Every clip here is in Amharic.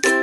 thank you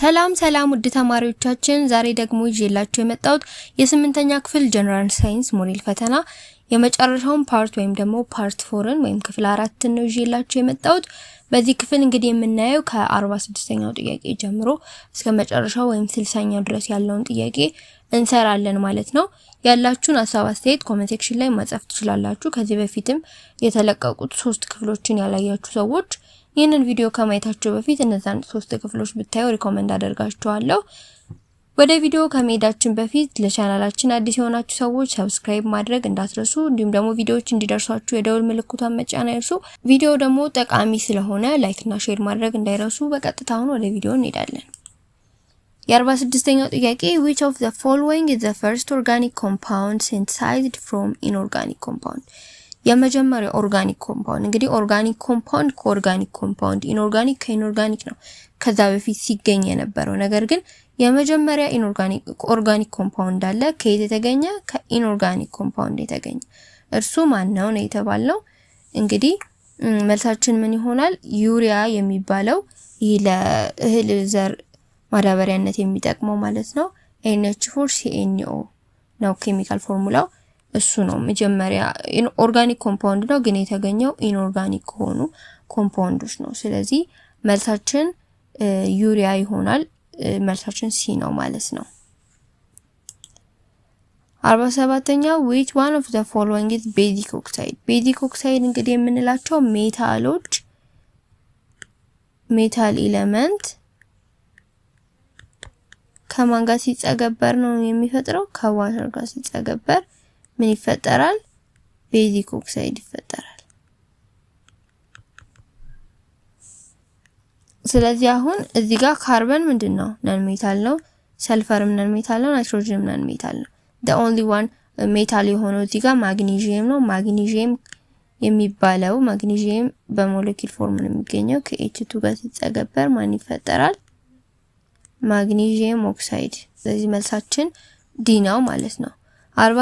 ሰላም ሰላም ውድ ተማሪዎቻችን፣ ዛሬ ደግሞ ይዤላችሁ የመጣሁት የስምንተኛ ክፍል ጀነራል ሳይንስ ሞዴል ፈተና የመጨረሻውን ፓርት ወይም ደግሞ ፓርት ፎርን ወይም ክፍል አራትን ነው ይዤላችሁ የመጣሁት። በዚህ ክፍል እንግዲህ የምናየው ከ46ኛው ጥያቄ ጀምሮ እስከ መጨረሻው ወይም 60ኛው ድረስ ያለውን ጥያቄ እንሰራለን ማለት ነው። ያላችሁን ሀሳብ አስተያየት ኮመንት ሴክሽን ላይ ማጻፍ ትችላላችሁ። ከዚህ በፊትም የተለቀቁት ሶስት ክፍሎችን ያላያችሁ ሰዎች ይህንን ቪዲዮ ከማየታችሁ በፊት እነዛን ሶስት ክፍሎች ብታዩ ሪኮመንድ አደርጋችኋለሁ። ወደ ቪዲዮ ከመሄዳችን በፊት ለቻናላችን አዲስ የሆናችሁ ሰዎች ሰብስክራይብ ማድረግ እንዳትረሱ፣ እንዲሁም ደግሞ ቪዲዮዎች እንዲደርሷችሁ የደውል ምልክቷን መጫን አይርሱ። ቪዲዮ ደግሞ ጠቃሚ ስለሆነ ላይክና ሼር ማድረግ እንዳይረሱ። በቀጥታ አሁን ወደ ቪዲዮ እንሄዳለን። 46 ኛው ጥያቄ which of the following is the first organic compound synthesized from inorganic compound የመጀመሪያው ኦርጋኒክ ኮምፓውንድ እንግዲህ ኦርጋኒክ ኮምፓውንድ ከኦርጋኒክ ኮምፓውንድ ኢንኦርጋኒክ ከኢንኦርጋኒክ ነው ከዛ በፊት ሲገኝ የነበረው ነገር ግን የመጀመሪያ ኢንኦርጋኒክ ኦርጋኒክ ኮምፓውንድ አለ ከየት የተገኘ ከኢንኦርጋኒክ ኮምፓውንድ የተገኘ እርሱ ማን ነው ነው የተባለው እንግዲህ መልሳችን ምን ይሆናል ዩሪያ የሚባለው ይህ ለእህል ዘር ማዳበሪያነት የሚጠቅመው ማለት ነው ኤንኤች ፎር ሲኤንኦ ነው ኬሚካል ፎርሙላው እሱ ነው መጀመሪያ ኦርጋኒክ ኮምፓውንድ ነው፣ ግን የተገኘው ኢንኦርጋኒክ ከሆኑ ኮምፓውንዶች ነው። ስለዚህ መልሳችን ዩሪያ ይሆናል። መልሳችን ሲ ነው ማለት ነው። አርባ ሰባተኛ ዊች ዋን ኦፍ ዘ ፎሎዊንግ ኢዝ ቤዚክ ኦክሳይድ። ቤዚክ ኦክሳይድ እንግዲህ የምንላቸው ሜታሎች ሜታል ኤሌመንት ከማን ጋር ሲጸገበር ነው የሚፈጥረው? ከዋተር ጋር ሲጸገበር ምን ይፈጠራል? ቤዚክ ኦክሳይድ ይፈጠራል። ስለዚህ አሁን እዚህ ጋር ካርበን ምንድን ነው ነን ሜታል ነው። ሰልፈርም ነን ሜታል ነው። ናይትሮጅንም ነን ሜታል ነው። ዘ ኦንሊ ዋን ሜታል የሆነው እዚህ ጋር ማግኒዥየም ነው። ማግኒዥየም የሚባለው ማግኒዥየም በሞለኪል ፎርም ነው የሚገኘው። ከኤችቱ ጋር ሲጸገበር ማን ይፈጠራል? ማግኒዥየም ኦክሳይድ። ስለዚህ መልሳችን ዲ ነው ማለት ነው። አርባ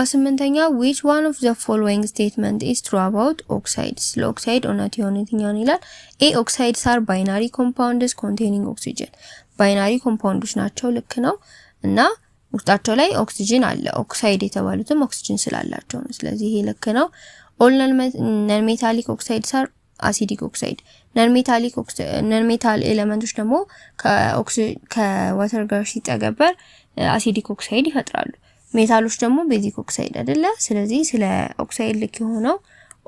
ኛ which one of the following statement is true about oxides ለኦክሳይድ እውነት የሆነ የትኛውን ይላል ኤ ኦክሳይድስ አር ባይናሪ ኮምፓውንድስ ኮንቴኒንግ ኦክሲጅን ባይናሪ ኮምፓውንዶች ናቸው ልክ ነው እና ውስጣቸው ላይ ኦክሲጅን አለ ኦክሳይድ የተባሉትም ኦክሲጅን ስላላቸው ነው ስለዚህ ይሄ ልክ ነው ኦል ነን ሜታሊክ ኦክሳይድስ አር አሲዲክ ኦክሳይድ ነን ሜታል ኤሌመንቶች ደግሞ ከዋተር ጋር ሲጠገበር አሲዲክ ኦክሳይድ ይፈጥራሉ ሜታሎች ደግሞ ቤዚክ ኦክሳይድ አይደለ። ስለዚህ ስለ ኦክሳይድ ልክ የሆነው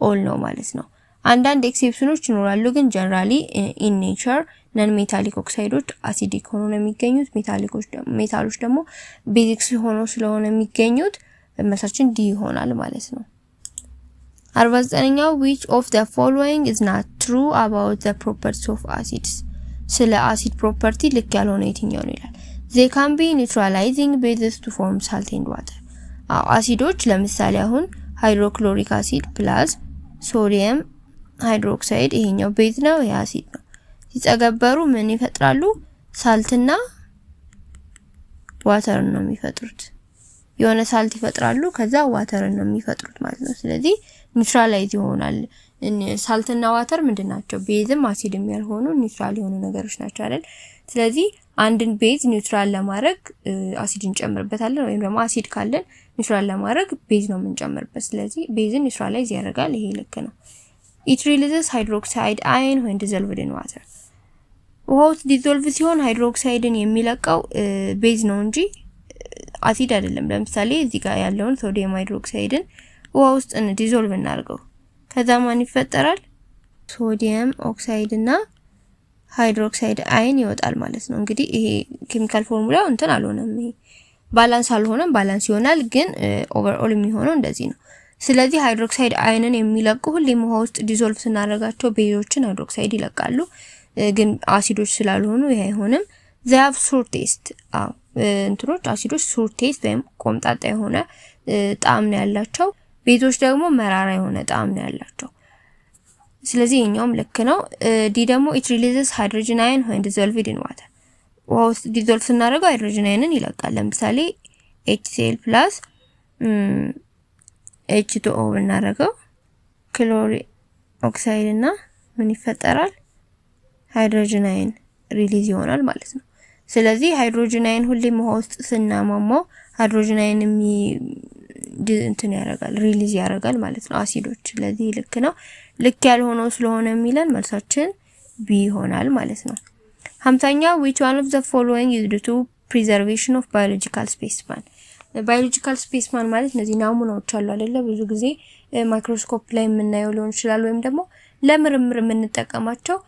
ኦል ነው ማለት ነው። አንዳንድ ኤክሴፕሽኖች ይኖራሉ፣ ግን ጀነራሊ ኢን ኔቸር ነን ሜታሊክ ኦክሳይዶች አሲዲክ ሆኖ ነው የሚገኙት። ሜታሎች ደግሞ ቤዚክ ሆኖ ስለሆነ የሚገኙት መሰርችን ዲ ይሆናል ማለት ነው። 49ኛው which of the following is not true about the properties of acids ስለ አሲድ ፕሮፐርቲ ልክ ያልሆነ የትኛው ነው ይላል። ዜ ካን ቢ ኒውትራላይዚንግ ቤዝስ ቱ ፎርም ሳልት ኤንድ ዋተር። አዎ አሲዶች ለምሳሌ አሁን ሃይድሮክሎሪክ አሲድ ፕላስ ሶዲየም ሃይድሮክሳይድ ይሄኛው ቤዝ ነው፣ ይሄ አሲድ ነው። ሲጸገበሩ ምን ይፈጥራሉ? ሳልትና ዋተርን ነው የሚፈጥሩት። የሆነ ሳልት ይፈጥራሉ፣ ከዛ ዋተርን ነው የሚፈጥሩት ማለት ነው። ስለዚህ ኒውትራላይዝ ይሆናል። ሳልትና ዋተር ምንድን ናቸው? ቤዝም አሲድም ያልሆኑ ኒውትራል የሆኑ ነገሮች ናቸው አይደል? ስለዚህ አንድን ቤዝ ኒውትራል ለማድረግ አሲድ እንጨምርበታለን፣ ወይም ደግሞ አሲድ ካለን ኒውትራል ለማድረግ ቤዝ ነው የምንጨምርበት። ስለዚህ ቤዝን ኒውትራላይዝ ያደርጋል። ይሄ ልክ ነው። ኢት ሪሊዝስ ሃይድሮክሳይድ አይን ወይን ዲዞልቭድ ኢን ዋተር። ውሃ ውስጥ ዲዞልቭ ሲሆን ሃይድሮክሳይድን የሚለቀው ቤዝ ነው እንጂ አሲድ አይደለም። ለምሳሌ እዚህ ጋር ያለውን ሶዲየም ሃይድሮክሳይድን ውሃ ውስጥ ዲዞልቭ እናርገው ከዛ ማን ይፈጠራል? ሶዲየም ኦክሳይድ እና ሃይድሮክሳይድ አይን ይወጣል ማለት ነው። እንግዲህ ይሄ ኬሚካል ፎርሙላው እንትን አልሆነም፣ ይሄ ባላንስ አልሆነም። ባላንስ ይሆናል፣ ግን ኦቨርኦል የሚሆነው እንደዚህ ነው። ስለዚህ ሃይድሮክሳይድ አይንን የሚለቁ ሁሌም ውሃ ውስጥ ዲዞልቭ ስናደርጋቸው ቤዞችን ሃይድሮክሳይድ ይለቃሉ፣ ግን አሲዶች ስላልሆኑ ይሄ አይሆንም። ዘያብ ሱር ቴስት እንትኖች አሲዶች ሱር ቴስት ወይም ቆምጣጣ የሆነ ጣዕም ነው ያላቸው። ቤዞች ደግሞ መራራ የሆነ ጣዕም ነው ያላቸው። ስለዚህ የኛውም ልክ ነው። ዲ ደግሞ ኢት ሪሊዝስ ሃይድሮጅን አየን ወይ ዲዞልቭድ ኢን ዋተር ውሃ ውስጥ ዲዞልቭ ስናደርገው ሃይድሮጅን አየንን ይለቃል። ለምሳሌ HCl ሲኤል ፕላስ ኤች ቱ ብናደርገው ክሎሪ ኦክሳይድ እና ምን ይፈጠራል? ሃይድሮጅን አየን ሪሊዝ ይሆናል ማለት ነው። ስለዚህ ሃይድሮጅን አየን ሁሌም ውሃ ውስጥ ስናሟሟው ሃይድሮጅን አየን እንትን ያደርጋል ሪሊዝ ያደርጋል ማለት ነው አሲዶች። ስለዚህ ልክ ነው። ልክ ያልሆነው ስለሆነ የሚለን መልሳችን ቢ ይሆናል ማለት ነው። ሀምሳኛ which one of the following is due to preservation of biological specimen ባዮሎጂካል ስፔስማን ማለት እነዚህ ናሙናዎች አሉ አይደለ? ብዙ ጊዜ ማይክሮስኮፕ ላይ የምናየው ሊሆን ይችላል፣ ወይም ደግሞ ለምርምር የምንጠቀማቸው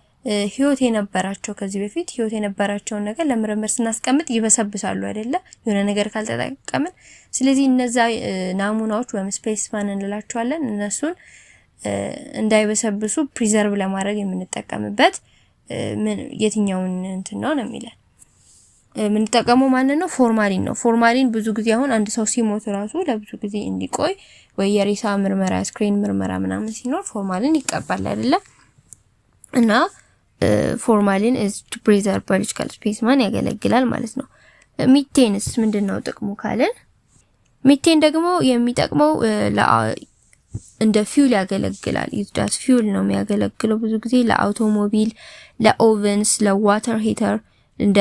ህይወት የነበራቸው ከዚህ በፊት ህይወት የነበራቸውን ነገር ለምርምር ስናስቀምጥ ይበሰብሳሉ አይደለ? የሆነ ነገር ካልተጠቀምን። ስለዚህ እነዛ ናሙናዎች ወይም ስፔስማን እንላቸዋለን። እነሱን እንዳይበሰብሱ ፕሪዘርቭ ለማድረግ የምንጠቀምበት የትኛውን እንትን ነው ነው የሚለን የምንጠቀመው ማንን ነው። ፎርማሊን ነው። ፎርማሊን ብዙ ጊዜ አሁን አንድ ሰው ሲሞት ራሱ ለብዙ ጊዜ እንዲቆይ ወይ የሬሳ ምርመራ ስክሪን ምርመራ ምናምን ሲኖር ፎርማሊን ይቀባል አይደለ? እና ፎርማሊን ኢዝ ቱ ፕሪዘርቭ ባዮሎጂካል ስፔስማን ያገለግላል ማለት ነው። ሚቴንስ ምንድን ነው ጥቅሙ ካልን ሚቴን ደግሞ የሚጠቅመው እንደ ፊውል ያገለግላል። ዩዝዳስ ፊውል ነው የሚያገለግለው ብዙ ጊዜ ለአውቶሞቢል፣ ለኦቨንስ፣ ለዋተር ሂተር እንደ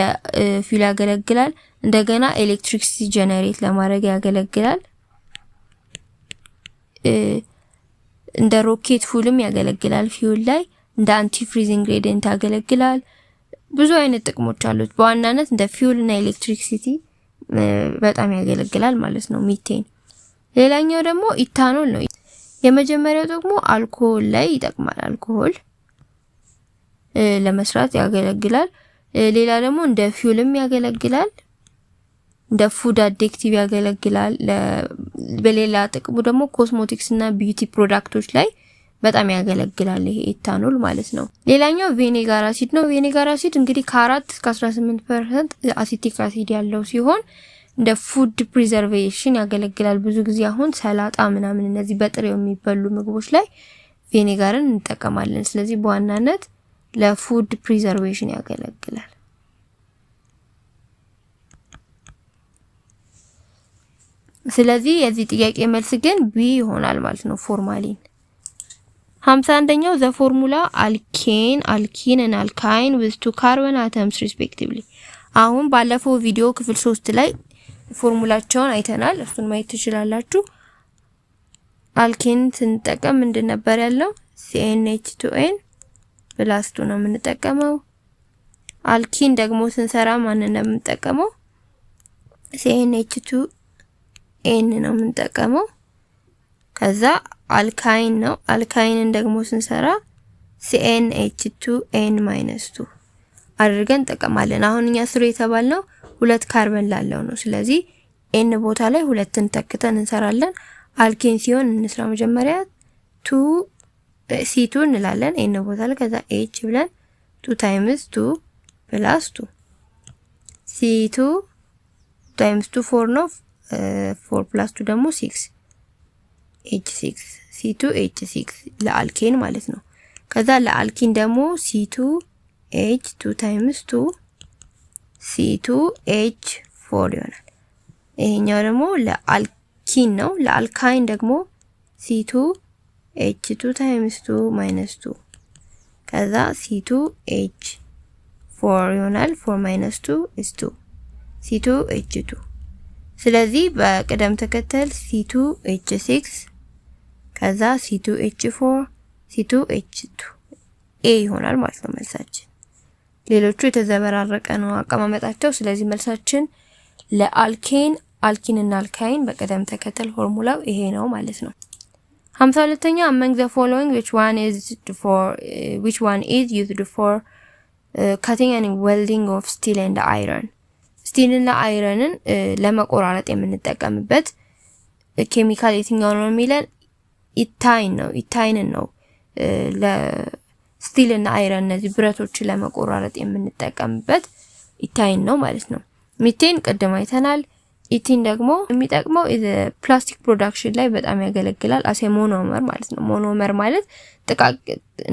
ፊውል ያገለግላል። እንደገና ኤሌክትሪክሲቲ ጀነሬት ለማድረግ ያገለግላል። እንደ ሮኬት ፉልም ያገለግላል። ፊውል ላይ እንደ አንቲ ፍሪዝ ኢንግሬዲየንት ያገለግላል። ብዙ አይነት ጥቅሞች አሉት። በዋናነት እንደ ፊውል እና ኤሌክትሪክሲቲ በጣም ያገለግላል ማለት ነው ሚቴን። ሌላኛው ደግሞ ኢታኖል ነው። የመጀመሪያው ደግሞ አልኮሆል ላይ ይጠቅማል። አልኮሆል ለመስራት ያገለግላል። ሌላ ደግሞ እንደ ፊውልም ያገለግላል። እንደ ፉድ አዲክቲቭ ያገለግላል። በሌላ ጥቅሙ ደግሞ ኮስሞቲክስ እና ቢዩቲ ፕሮዳክቶች ላይ በጣም ያገለግላል። ይሄ ኢታኖል ማለት ነው። ሌላኛው ቬኔጋር አሲድ ነው። ቬኔጋር አሲድ እንግዲህ ከ4 እስከ 18 አሲቲክ አሲድ ያለው ሲሆን እንደ ፉድ ፕሪዘርቬሽን ያገለግላል። ብዙ ጊዜ አሁን ሰላጣ ምናምን እነዚህ በጥሬው የሚበሉ ምግቦች ላይ ቬኔጋርን እንጠቀማለን። ስለዚህ በዋናነት ለፉድ ፕሪዘርቬሽን ያገለግላል። ስለዚህ የዚህ ጥያቄ መልስ ግን ቢ ይሆናል ማለት ነው ፎርማሊን። ሀምሳ አንደኛው ዘ ፎርሙላ አልኬን አልኪን እና አልካይን ዊዝ ቱ ካርበን አተምስ ሪስፔክቲቭሊ አሁን ባለፈው ቪዲዮ ክፍል ሶስት ላይ ፎርሙላቸውን አይተናል። እሱን ማየት ትችላላችሁ። አልኬን ስንጠቀም ምንድን ነበር ያለው? cnh 2 ኤን ብላስቱ ነው የምንጠቀመው። አልኪን ደግሞ ስንሰራ ማንን ነው የምንጠቀመው? ሲኤንኤች 2 n ነው የምንጠቀመው። ከዛ አልካይን ነው። አልካይንን ደግሞ ስንሰራ ሲኤንኤች 2 n 2 አድርገን እንጠቀማለን። አሁን እኛ ስሩ የተባልነው ሁለት ካርበን ላለው ነው። ስለዚህ ኤን ቦታ ላይ ሁለትን ተክተን እንሰራለን። አልኬን ሲሆን እንስራ መጀመሪያ ቱ ሲቱ እንላለን ኤን ቦታ ላይ ከዛ ኤች ብለን ቱ ታይምስ ቱ ፕላስ ቱ ሲቱ ታይምስ ቱ ፎር ነው። ፎር ፕላስ ቱ ደግሞ ሲክስ ኤች ሲክስ ሲቱ ኤች ሲክስ ለአልኬን ማለት ነው። ከዛ ለአልኪን ደግሞ ሲቱ ኤች ቱ ታይምስ ቱ ሲ ቱ ኤች ፎር ይሆናል። ይሄኛው ደግሞ ለአልኪን ነው። ለአልካይን ደግሞ ሲ ቱ ኤች ቱ ታይምስ ቱ ማይነስ ቱ ከዛ ሲ ቱ ኤች ፎር ይሆናል። ፎር ማይነስ ቱ ኢዝ ቱ ሲ ቱ ኤች ቱ ስለዚህ በቅደም ተከተል ሲ ቱ ኤች ሲክስ ከዛ ሲ ቱ ኤች ፎር ሲ ቱ ኤች ቱ ኤ ይሆናል ማለት ነው መልሳችን። ሌሎቹ የተዘበራረቀ ነው አቀማመጣቸው። ስለዚህ መልሳችን ለአልኬን አልኪንና አልካይን በቅደም ተከተል ፎርሙላው ይሄ ነው ማለት ነው። ሀምሳ ሁለተኛ አመንግ ዘ ፎሎዊንግ ዊች ዋን ኢዝ ዩዝድ ፎር ካቲንግ ኤንድ ዌልዲንግ ኦፍ ስቲል ኤንድ አይረን ስቲልና አይረንን ለመቆራረጥ የምንጠቀምበት ኬሚካል uh, የትኛው ነው የሚለን ኢታይን ነው። ኢታይንን ነው uh, ስቲል እና አይረን እነዚህ ብረቶችን ለመቆራረጥ የምንጠቀምበት ኢታይን ነው ማለት ነው። ሚቴን ቅድም አይተናል። ኢቲን ደግሞ የሚጠቅመው ፕላስቲክ ፕሮዳክሽን ላይ በጣም ያገለግላል። አሴ ሞኖመር ማለት ነው። ሞኖመር ማለት ጥቃቅ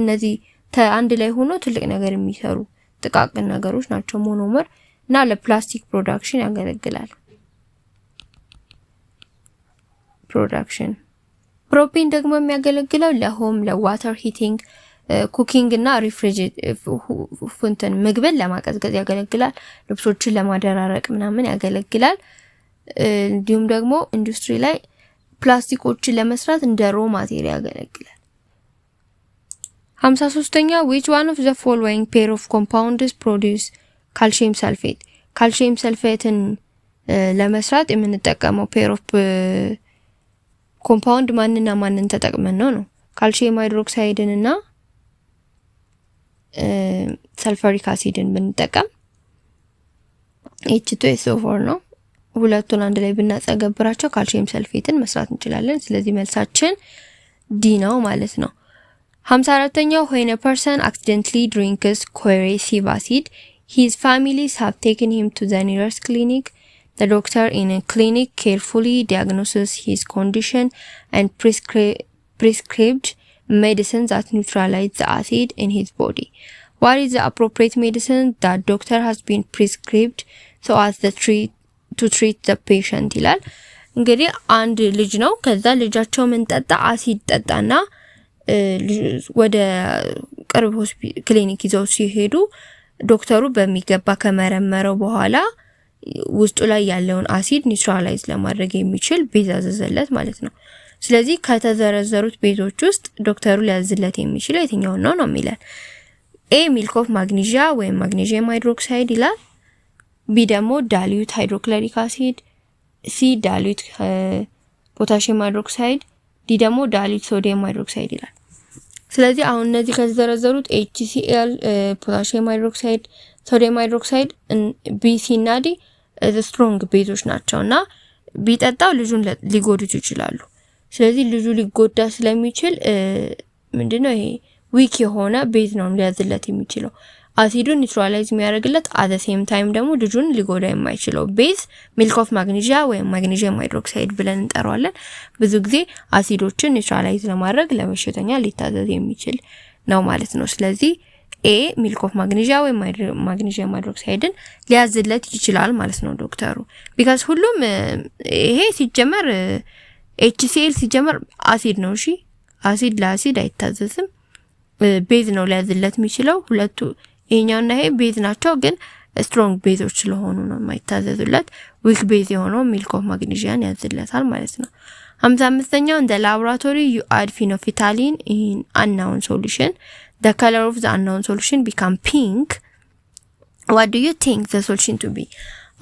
እነዚህ አንድ ላይ ሆኖ ትልቅ ነገር የሚሰሩ ጥቃቅን ነገሮች ናቸው ሞኖመር እና ለፕላስቲክ ፕሮዳክሽን ያገለግላል። ፕሮዳክሽን ፕሮፔን ደግሞ የሚያገለግለው ለሆም ለዋተር ሂቲንግ ኩኪንግ እና ሪፍሪጅ እንትን ምግብን ለማቀዝቀዝ ያገለግላል። ልብሶችን ለማደራረቅ ምናምን ያገለግላል። እንዲሁም ደግሞ ኢንዱስትሪ ላይ ፕላስቲኮችን ለመስራት እንደ ሮ ማቴሪያ ያገለግላል። ሀምሳ ሶስተኛ ዊች ዋን ኦፍ ዘ ፎሎዊንግ ፔር ኦፍ ኮምፓውንድስ ፕሮዲውስ ካልሽየም ሰልፌት ካልሽየም ሰልፌትን ለመስራት የምንጠቀመው ፔር ኦፍ ኮምፓውንድ ማንና ማንን ተጠቅመን ነው ነው ካልሽየም ሃይድሮክሳይድን እና ሰልፈሪክ አሲድን ብንጠቀም ኤች ቱ ነው። ሁለቱን አንድ ላይ ብናጸገብራቸው ካልሲየም ሰልፌትን መስራት እንችላለን። ስለዚህ መልሳችን ዲ ነው ማለት ነው። 54ኛው ሆይነ ፐርሰን አክሲደንትሊ ድሪንክስ ኮሬሲቭ አሲድ ሂዝ ፋሚሊስ ሃቭ ቴክን ሂም ቱ ዘ ኒረስ ክሊኒክ ዘ ዶክተር ኢን ክሊኒክ ኬርፉሊ ዲያግኖሲስ ሂዝ ኮንዲሽን condition ፕሪስክሪብድ medicine that neutralize the acid in his body. What is the appropriate medicine that doctor has been prescribed so as the treat to treat the patient ይላል። እንግዲህ አንድ ልጅ ነው። ከዛ ልጃቸው ምን ጠጣ? አሲድ ጠጣና ወደ ቅርብ ክሊኒክ ይዘው ሲሄዱ ዶክተሩ በሚገባ ከመረመረው በኋላ ውስጡ ላይ ያለውን አሲድ ኒውትራላይዝ ለማድረግ የሚችል ቤዛ ዘዘለት ማለት ነው። ስለዚህ ከተዘረዘሩት ቤቶች ውስጥ ዶክተሩ ሊያዝለት የሚችለው የትኛውን ነው ነው የሚለን። ኤ ሚልኮፍ ማግኒዣ ወይም ማግኒዥየም ሃይድሮክሳይድ ይላል። ቢ ደግሞ ዳሊዩት ሃይድሮክለሪክ አሲድ፣ ሲ ዳሊዩት ፖታሽየም ሃይድሮክሳይድ፣ ዲ ደግሞ ዳሊዩት ሶዲየም ሃይድሮክሳይድ ይላል። ስለዚህ አሁን እነዚህ ከተዘረዘሩት ኤችሲኤል ፖታሽየም ሃይድሮክሳይድ፣ ሶዲየም ሃይድሮክሳይድ፣ ቢ፣ ሲ እና ዲ ስትሮንግ ቤቶች ናቸው እና ቢጠጣው ልጁን ሊጎዱት ይችላሉ። ስለዚህ ልጁ ሊጎዳ ስለሚችል ምንድነው ይሄ ዊክ የሆነ ቤዝ ነው ሊያዝለት የሚችለው አሲዱን ኒትራላይዝ የሚያደርግለት አዘ ሴም ታይም ደግሞ ልጁን ሊጎዳ የማይችለው ቤዝ ሚልክ ኦፍ ማግኒዥያ ወይም ማግኒዥየም ሃይድሮክሳይድ ብለን እንጠራዋለን። ብዙ ጊዜ አሲዶችን ኒትራላይዝ ለማድረግ ለበሽተኛ ሊታዘዝ የሚችል ነው ማለት ነው። ስለዚህ ኤ ሚልክ ኦፍ ማግኒዥያ ወይም ማግኒዥየም ሃይድሮክሳይድን ሊያዝለት ይችላል ማለት ነው ዶክተሩ ቢካዝ ሁሉም ይሄ ሲጀመር ኤችሲኤል ሲጀምር አሲድ ነው። እሺ አሲድ ለአሲድ አይታዘዝም። ቤዝ ነው ሊያዝለት የሚችለው። ሁለቱ ይሄኛውና ይሄ ቤዝ ናቸው፣ ግን ስትሮንግ ቤዞች ስለሆኑ ነው የማይታዘዙለት። ዊክ ቤዝ የሆነው ሚልክ ኦፍ ማግኒዥያን ያዝለታል ማለት ነው። ሀምሳ አምስተኛው እንደ ላቦራቶሪ ዩ አድ ፊኖፊታሊን ኢን አናውን ሶሉሽን ደ ከለር ኦፍ ዘ አናውን ሶሉሽን ቢካም ፒንክ ዋት ዱ ዩ ቲንክ ዘ ሶሉሽን ቱ ቢ።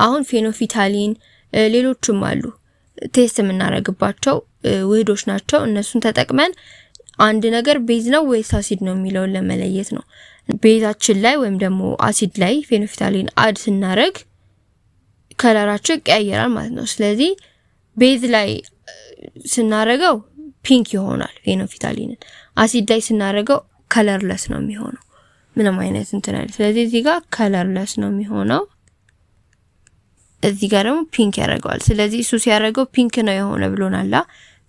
አሁን ፊኖፊታሊን ሌሎቹም አሉ ቴስት የምናደርግባቸው ውህዶች ናቸው። እነሱን ተጠቅመን አንድ ነገር ቤዝ ነው ወይስ አሲድ ነው የሚለውን ለመለየት ነው። ቤዛችን ላይ ወይም ደግሞ አሲድ ላይ ፌኖፊታሊን አድ ስናደርግ ከለራቸው ይቀያየራል ማለት ነው። ስለዚህ ቤዝ ላይ ስናደርገው ፒንክ ይሆናል ፌኖፊታሊንን፣ አሲድ ላይ ስናደርገው ከለርለስ ነው የሚሆነው ምንም አይነት እንትን። ስለዚህ እዚህ ጋር ከለርለስ ነው የሚሆነው እዚህ ጋር ደግሞ ፒንክ ያደርገዋል። ስለዚህ እሱ ሲያደርገው ፒንክ ነው የሆነ ብሎናላ።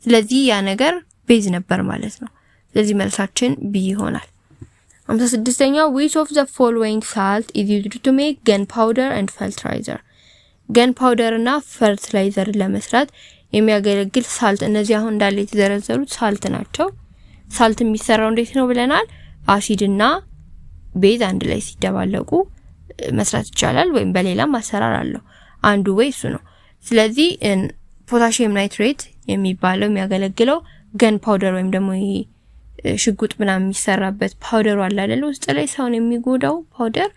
ስለዚህ ያ ነገር ቤዝ ነበር ማለት ነው። ስለዚህ መልሳችን ቢ ይሆናል። 56ኛው which of the following salt is used to make gunpowder and fertilizer ፓውደር እና ፈርትላይዘር ለመስራት የሚያገለግል ሳልት። እነዚህ አሁን እንዳለ የተዘረዘሩት ሳልት ናቸው። ሳልት የሚሰራው እንዴት ነው ብለናል። አሲድ እና ቤዝ አንድ ላይ ሲደባለቁ መስራት ይቻላል፣ ወይም በሌላም አሰራር አለው። አንዱ ወይ እሱ ነው። ስለዚህ ፖታሽየም ናይትሬት የሚባለው የሚያገለግለው ገን ፓውደር ወይም ደግሞ ይሄ ሽጉጥ ምናምን የሚሰራበት ፓውደሩ አለ አይደለ? ውስጥ ላይ ሰውን የሚጎዳው ፓውደር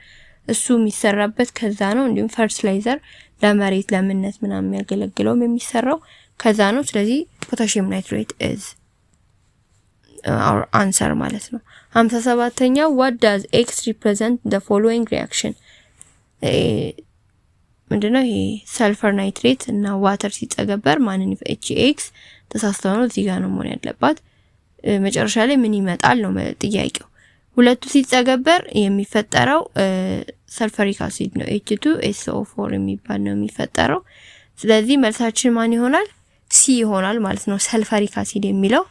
እሱ የሚሰራበት ከዛ ነው። እንዲሁም ፈርትላይዘር ለመሬት ለምነት ምናምን የሚያገለግለውም የሚሰራው ከዛ ነው። ስለዚህ ፖታሽየም ናይትሬት ኢዝ አወር አንሰር ማለት ነው። ሀምሳ ሰባተኛው ዋት ዳዝ ኤክስ ሪፕሬዘንት ዘ ፎሎዊንግ ሪያክሽን ምንድነው ይሄ ሰልፈር ናይትሬት እና ዋተር ሲጸገበር ማንን ኤች ኤክስ ተሳስተው ነው እዚህ ጋር ነው መሆን ያለባት። መጨረሻ ላይ ምን ይመጣል ነው ጥያቄው። ሁለቱ ሲጸገበር የሚፈጠረው ሰልፈሪክ አሲድ ነው ኤች ቱ ኤስ ኦ ፎር የሚባል ነው የሚፈጠረው። ስለዚህ መልሳችን ማን ይሆናል? ሲ ይሆናል ማለት ነው። ሰልፈሪክ አሲድ የሚለው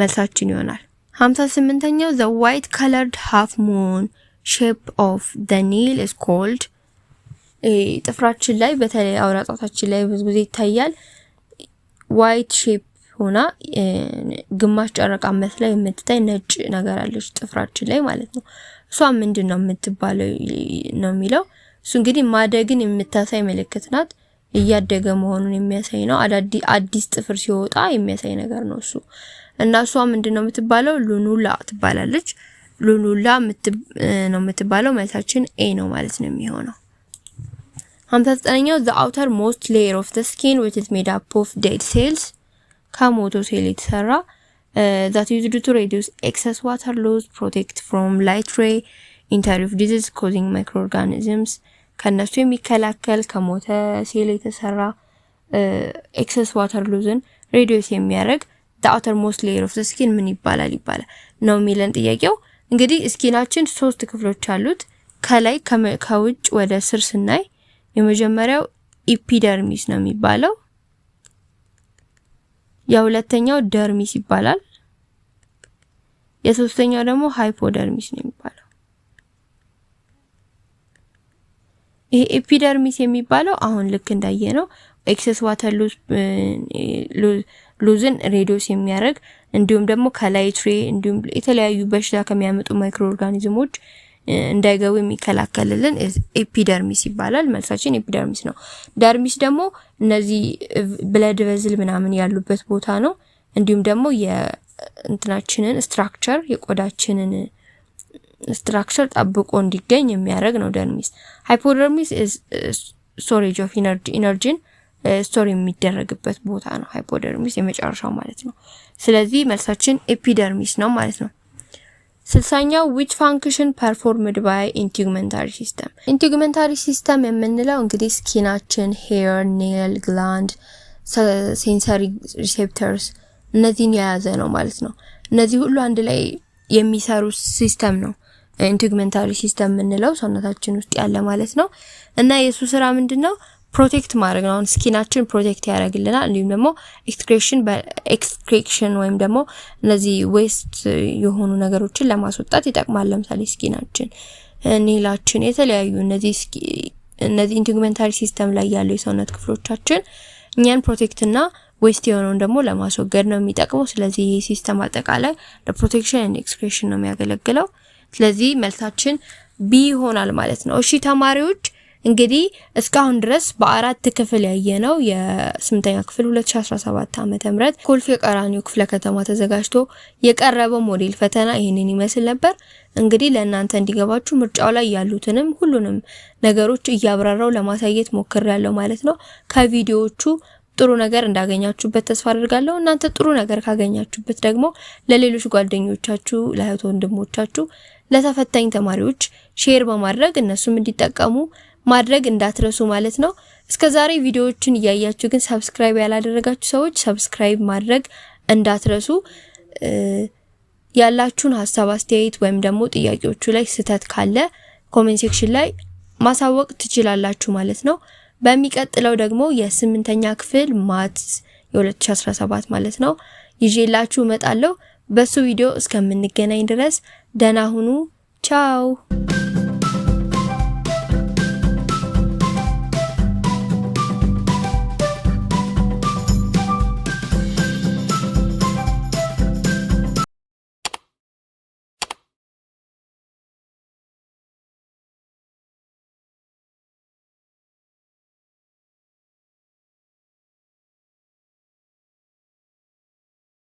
መልሳችን ይሆናል። ሀምሳ ስምንተኛው ዘ ዋይት ከለርድ ሃፍ ሙን ሼፕ ኦፍ ደ ኒል ኢዝ ኮልድ ጥፍራችን ላይ በተለይ አውራ ጣታችን ላይ ብዙ ጊዜ ይታያል። ዋይት ሼፕ ሆና ግማሽ ጨረቃ መስላ የምትታይ ነጭ ነገር አለች ጥፍራችን ላይ ማለት ነው። እሷ ምንድን ነው የምትባለው ነው የሚለው እሱ እንግዲህ ማደግን የምታሳይ ምልክት ናት። እያደገ መሆኑን የሚያሳይ ነው። አዲስ ጥፍር ሲወጣ የሚያሳይ ነገር ነው እሱ እና እሷ ምንድን ነው የምትባለው ሉኑላ ትባላለች። ሉኑላ ነው የምትባለው መልሳችን ኤ ነው ማለት ነው የሚሆነው። 59ኛው ዘ አውተር ሞስት ሌየር ኦፍ ዘ ስኪን ዊች ኢዝ ሜድ አፕ ኦፍ ዴድ ሴልስ ከሞቶ ሴል የተሰራ ዛት ዩዝድ ቱ ሬዲዩስ ኤክሰስ ዋተር ሎዝ ፕሮቴክት ፍሮም ላይት ሬይ ኢንተሪቭ ዲዚዝ ኮዚንግ ማይክሮ ኦርጋኒዝምስ ከነሱ የሚከላከል ከሞተ ሴል የተሰራ ኤክሰስ ዋተር ሎዝን ሬዲዩስ የሚያደርግ ዘ አውተር ሞስት ሌየር ኦፍ ዘ ስኪን ምን ይባላል ይባላል ነው የሚለን ጥያቄው። እንግዲህ ስኪናችን ሶስት ክፍሎች አሉት። ከላይ ከውጭ ወደ ስር ስናይ የመጀመሪያው ኢፒደርሚስ ነው የሚባለው። የሁለተኛው ደርሚስ ይባላል። የሶስተኛው ደግሞ ሃይፖደርሚስ ነው የሚባለው። ይሄ ኤፒደርሚስ የሚባለው አሁን ልክ እንዳየ ነው ኤክሰስ ዋተር ሉዝን ሬዲዮስ የሚያደርግ እንዲሁም ደግሞ ከላይትሬ እንዲሁም የተለያዩ በሽታ ከሚያመጡ ማይክሮ ኦርጋኒዝሞች እንዳይገቡ የሚከላከልልን ኤፒደርሚስ ይባላል። መልሳችን ኤፒደርሚስ ነው። ደርሚስ ደግሞ እነዚህ ብለድ በዝል ምናምን ያሉበት ቦታ ነው። እንዲሁም ደግሞ የእንትናችንን ስትራክቸር የቆዳችንን ስትራክቸር ጠብቆ እንዲገኝ የሚያደርግ ነው ደርሚስ። ሃይፖደርሚስ ስቶሬጅ ኦፍ ኢነርጂን ስቶር የሚደረግበት ቦታ ነው ሃይፖደርሚስ የመጨረሻው ማለት ነው። ስለዚህ መልሳችን ኤፒደርሚስ ነው ማለት ነው። ስልሳኛው ዊች ፋንክሽን ፐርፎርምድ ባይ ኢንቲግመንታሪ ሲስተም። ኢንቲግመንታሪ ሲስተም የምንለው እንግዲህ ስኪናችን፣ ሄር፣ ኔል፣ ግላንድ፣ ሴንሰሪ ሪሴፕተርስ እነዚህን የያዘ ነው ማለት ነው። እነዚህ ሁሉ አንድ ላይ የሚሰሩ ሲስተም ነው ኢንቲግመንታሪ ሲስተም የምንለው ሰውነታችን ውስጥ ያለ ማለት ነው። እና የሱ ስራ ምንድን ነው? ፕሮቴክት ማድረግ ነው። አሁን ስኪናችን ፕሮቴክት ያደርግልናል። እንዲሁም ደግሞ ኤክስክሬሽን በኤክስክሬሽን ወይም ደግሞ እነዚህ ዌስት የሆኑ ነገሮችን ለማስወጣት ይጠቅማል። ለምሳሌ ስኪናችን፣ ኔላችን፣ የተለያዩ እነዚህ እነዚህ ኢንቲግመንታሪ ሲስተም ላይ ያሉ የሰውነት ክፍሎቻችን እኛን ፕሮቴክት እና ዌስት የሆነውን ደግሞ ለማስወገድ ነው የሚጠቅመው። ስለዚህ ይህ ሲስተም አጠቃላይ ለፕሮቴክሽን ኤክስክሬሽን ነው የሚያገለግለው። ስለዚህ መልሳችን ቢ ይሆናል ማለት ነው። እሺ ተማሪዎች እንግዲህ እስካሁን ድረስ በአራት ክፍል ያየነው የስምንተኛ ክፍል 2017 ዓ ም ኮልፌ ቀራኒዮ ክፍለ ከተማ ተዘጋጅቶ የቀረበው ሞዴል ፈተና ይህንን ይመስል ነበር። እንግዲህ ለእናንተ እንዲገባችሁ ምርጫው ላይ ያሉትንም ሁሉንም ነገሮች እያብራራው ለማሳየት ሞክር ያለው ማለት ነው። ከቪዲዮዎቹ ጥሩ ነገር እንዳገኛችሁበት ተስፋ አድርጋለሁ። እናንተ ጥሩ ነገር ካገኛችሁበት ደግሞ ለሌሎች ጓደኞቻችሁ፣ ለእህት ወንድሞቻችሁ፣ ለተፈታኝ ተማሪዎች ሼር በማድረግ እነሱም እንዲጠቀሙ ማድረግ እንዳትረሱ ማለት ነው። እስከ ዛሬ ቪዲዮዎችን እያያችሁ ግን ሰብስክራይብ ያላደረጋችሁ ሰዎች ሰብስክራይብ ማድረግ እንዳትረሱ። ያላችሁን ሀሳብ አስተያየት፣ ወይም ደግሞ ጥያቄዎቹ ላይ ስህተት ካለ ኮሜንት ሴክሽን ላይ ማሳወቅ ትችላላችሁ ማለት ነው። በሚቀጥለው ደግሞ የስምንተኛ ክፍል ማት የ2017 ማለት ነው ይዤላችሁ እመጣለሁ። በሱ ቪዲዮ እስከምንገናኝ ድረስ ደህና ሁኑ። ቻው